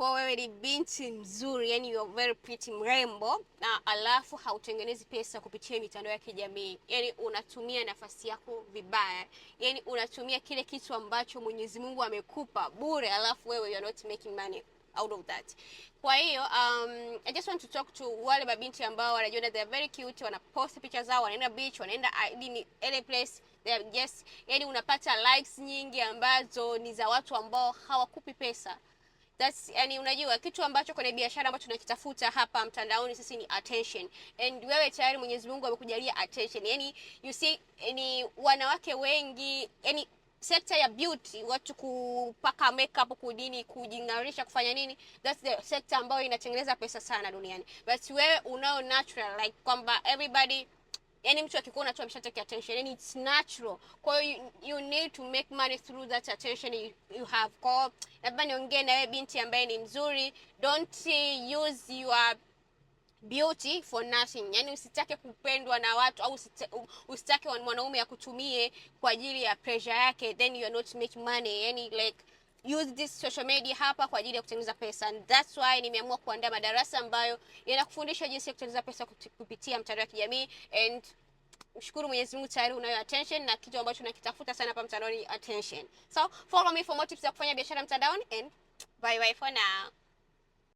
Kwa wewe ni binti mzuri, yani you are very pretty, mrembo na alafu hautengenezi pesa kupitia mitandao ya kijamii, yani unatumia nafasi yako vibaya, yani unatumia kile kitu ambacho Mwenyezi Mungu amekupa bure, alafu wewe you are not making money out of that. Kwa hiyo um, I just want to talk to wale mabinti ambao wanajiona they are very cute, wanapost picha zao, wanaenda beach, wanaenda any place they are just, yani unapata likes nyingi ambazo ni za watu ambao hawakupi pesa That's, yani unajua kitu ambacho kwenye biashara ambacho tunakitafuta hapa mtandaoni sisi ni attention, and wewe tayari Mwenyezi Mungu amekujalia attention. Yani you see, yani wanawake wengi yani sekta ya beauty, watu kupaka makeup, kudini, kujingarisha, kufanya nini, that's the sector ambayo inatengeneza pesa sana duniani, but wewe unao natural like kwamba everybody yani mtu akikuona mshate kwa attention, yani it's natural. Kwa hiyo you, you need to make money through that attention you, you have. Kwa labda niongee na wewe binti ambaye ni mzuri, don't use your beauty for nothing. Yani usitake kupendwa na watu au usitake mwanaume akutumie kwa ajili ya pressure yake, then you are not making money yani like use this social media hapa kwa ajili ya kutengeneza pesa. And that's why nimeamua kuandaa madarasa ambayo yanakufundisha jinsi ya kutengeneza pesa kupitia mtandao wa kijamii and Mshukuru Mwenyezi Mungu tayari unayo attention na kitu ambacho unakitafuta sana hapa mtandaoni attention. So follow me for more tips ya kufanya biashara mtandaoni and bye bye for now.